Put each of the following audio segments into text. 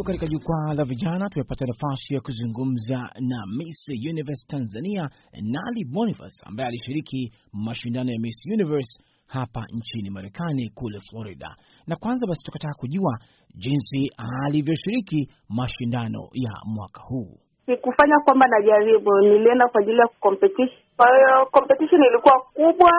leo katika jukwaa la vijana tumepata nafasi ya kuzungumza na Miss Universe Tanzania Nali Bonifas ambaye alishiriki mashindano ya Miss Universe hapa nchini Marekani kule Florida. Na kwanza basi tukataka kujua jinsi alivyoshiriki mashindano ya mwaka huu. Sikufanya kwamba najaribu, nilienda kwa ajili ya competition. Kwa hiyo competition ilikuwa kubwa,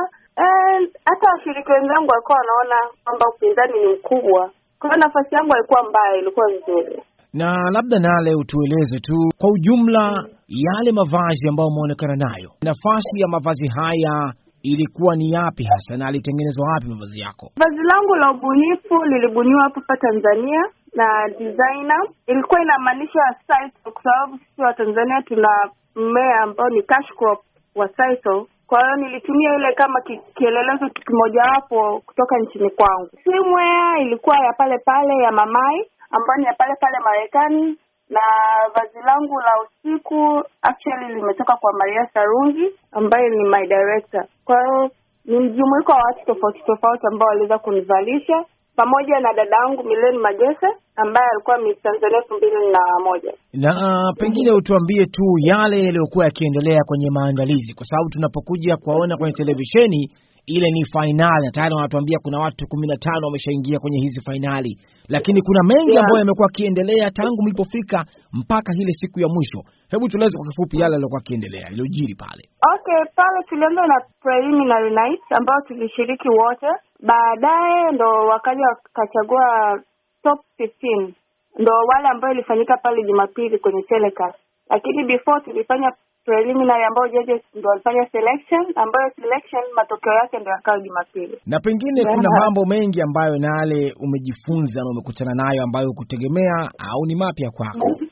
hata washiriki wenzangu walikuwa wanaona kwamba upinzani ni mkubwa kwa hiyo nafasi yangu haikuwa mbaya, ilikuwa nzuri. Na labda Nale, utueleze tu kwa ujumla yale mavazi ambayo umeonekana nayo, nafasi ya mavazi haya ilikuwa ni yapi hasa na alitengenezwa wapi mavazi yako? Vazi langu la ubunifu lilibuniwa hapa Tanzania na designer. Ilikuwa inamaanisha sisal, kwa sababu sisi wa Tanzania tuna mmea ambao ni cash crop wa kwa hiyo nilitumia ile kama kielelezo kimojawapo kutoka nchini kwangu. Swimwear ilikuwa ya pale pale ya Mamai ambayo ni ya pale pale Marekani, na vazi langu la usiku actually limetoka kwa Maria Sarungi ambaye ni my director. Kwa hiyo ni mjumuiko wa watu tofauti tofauti ambao waliweza kunivalisha pamoja na dada yangu Mileni Magese ambaye alikuwa Miss Tanzania elfu mbili na moja. Na uh, pengine utuambie tu yale yaliyokuwa yakiendelea kwenye maandalizi, kwa sababu tunapokuja kuwaona kwenye televisheni ile ni fainali na tayari wanatuambia kuna watu kumi na tano wameshaingia kwenye hizi fainali, lakini kuna mengi ambayo yamekuwa akiendelea tangu mlipofika mpaka ile siku ya mwisho. Hebu tueleze kwa kifupi yale yaliokuwa akiendelea, iliyojiri pale. Okay, pale tulianza na preliminary night ambayo tulishiriki wote baadaye ndo wakaja wakachagua top 15 ndo wale ambayo ilifanyika pale Jumapili kwenye telecast, lakini before tulifanya preliminary ambayo judges ndo walifanya selection, ambayo selection matokeo yake ndo yakawa Jumapili. Na pengine kuna mambo mengi ambayo nale umejifunza na umekutana nayo ambayo hukutegemea au ni mapya kwako, mhm.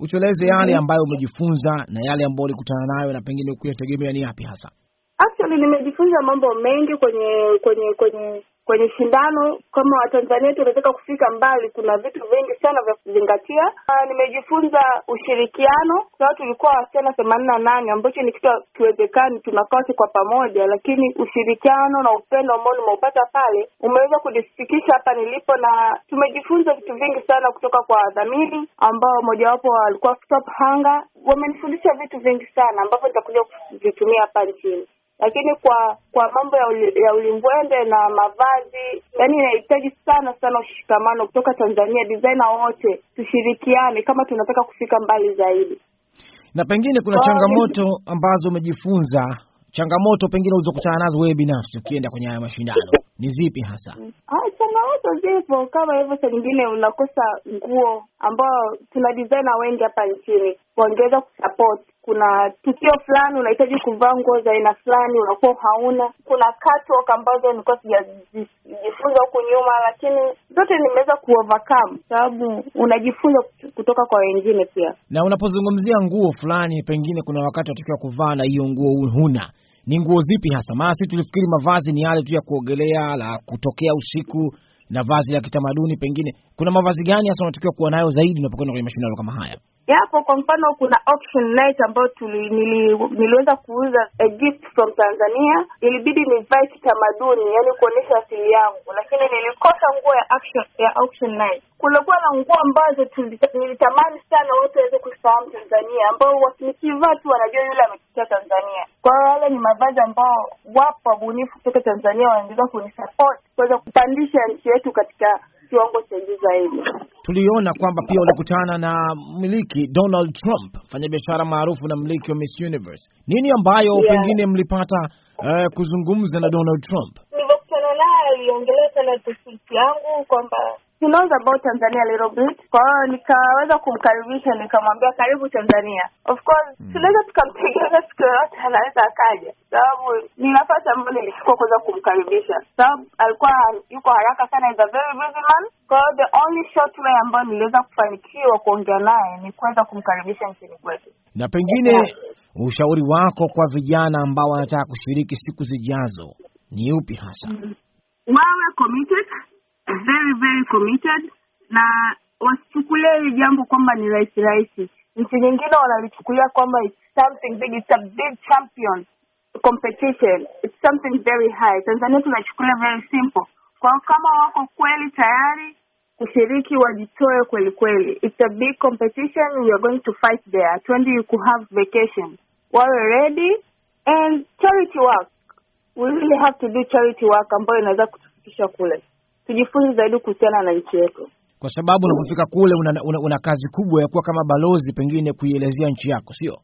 utueleze yale mhm. ambayo umejifunza na yale ambayo ulikutana nayo na pengine ukuyategemea ni yapi hasa? Actually nimejifunza mambo mengi kwenye kwenye kwenye kwenye shindano. Kama Watanzania tunataka kufika mbali, kuna vitu vingi sana vya kuzingatia. Ah, nimejifunza ushirikiano. Sawa, tulikuwa wasichana themanini na nane ambacho ni kitu kiwezekani, tunakasi kwa pamoja, lakini ushirikiano na upendo ambao nimeupata pale umeweza kunifikisha hapa nilipo, na tumejifunza vitu vingi sana kutoka kwa wadhamini ambao mojawapo walikuwa Stop hanga Wamenifundisha vitu vingi sana ambavyo nitakuja kuvitumia hapa nchini lakini kwa kwa mambo ya, uli, ya ulimbwende na mavazi, yani inahitaji sana sana ushikamano kutoka Tanzania, designer wote tushirikiane kama tunataka kufika mbali zaidi. Na pengine kuna changamoto ambazo umejifunza, changamoto pengine ulizokutana nazo wewe binafsi ukienda kwenye haya mashindano ni zipi hasa? Ah, changamoto zipo kama hivyo, saa nyingine unakosa nguo, ambao tuna designer wengi hapa nchini wangeweza kusupport. Kuna tukio fulani unahitaji kuvaa nguo za aina fulani, unakuwa hauna. Kuna catwalk ambazo nilikuwa sijajifunza huku nyuma, lakini zote nimeweza kuovercome, sababu unajifunza kutoka kwa wengine pia. Na unapozungumzia nguo fulani, pengine kuna wakati unatakiwa kuvaa na hiyo nguo huna ni nguo zipi hasa? Maana sisi tulifikiri mavazi ni yale tu ya kuogelea, la kutokea usiku na vazi la kitamaduni. Pengine kuna mavazi gani hasa unatakiwa kuwa nayo zaidi unapokwenda kwenye mashindano kama haya? yapo. Kwa mfano, kuna auction night ambayo nili, niliweza kuuza a gift from Tanzania. Ilibidi nivae kitamaduni, yani kuonyesha asili yangu, lakini nilikosa nguo ya auction, ya auction night. Kulikuwa na nguo ambazo nilitamani sana watu waweze kufahamu Tanzania, ambao wakikivaa tu wanajua yule ametokea Tanzania. Kwa hiyo wale ni mavazi ambao wapo wabunifu kutoka Tanzania wanaendelea kunisupport kuweza kupandisha nchi yetu katika kiwango cha juu zaidi. Tuliona kwamba pia ulikutana na mmiliki Donald Trump, mfanyabiashara maarufu na mmiliki wa Miss Universe. Nini ambayo yeah, pengine mlipata uh, kuzungumza na Donald Trump? Nilivyokutana naye aliongelea sana tofauti yangu kwamba he knows about Tanzania a little bit. Kwa hiyo nikaweza kumkaribisha, nikamwambia karibu Tanzania. Of course mm. tunaweza tukamtegemea siku yoyote anaweza akaja, sababu ni nafasi ambayo nilichukua kuweza kumkaribisha, sababu alikuwa yuko haraka sana, is a very busy man. Kwa hiyo the only short way ambayo niliweza kufanikiwa kuongea naye ni kuweza kumkaribisha nchini kwetu. Na pengine ushauri wako kwa vijana ambao wanataka kushiriki siku zijazo ni upi hasa? mm. wawe committed very very committed na wasichukulia hili jambo kwamba ni rahisi rahisi. Nchi nyingine wanalichukulia kwamba it's something big, it's a big champion competition, it's something very high. Tanzania tunachukulia very simple. Kwa kama wako kweli tayari kushiriki, wajitoe kweli kweli. It's a big competition, we are going to fight there. Hatuendi ku have vacation, wawe ready and charity work. We really have to do charity work ambayo inaweza kutufikisha kule tujifunze zaidi kuhusiana na nchi yetu, kwa sababu unapofika kule una, una, una kazi kubwa ya kuwa kama balozi, pengine kuielezea nchi yako, sio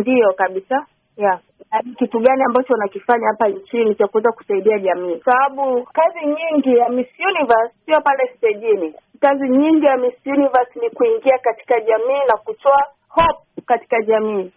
ndiyo? Kabisa, yeah kitu gani ambacho wanakifanya hapa nchini cha kuweza kusaidia jamii, sababu kazi nyingi ya Miss Universe sio pale stejini. Kazi nyingi ya Miss Universe ni kuingia katika jamii na kutoa hope katika jamii.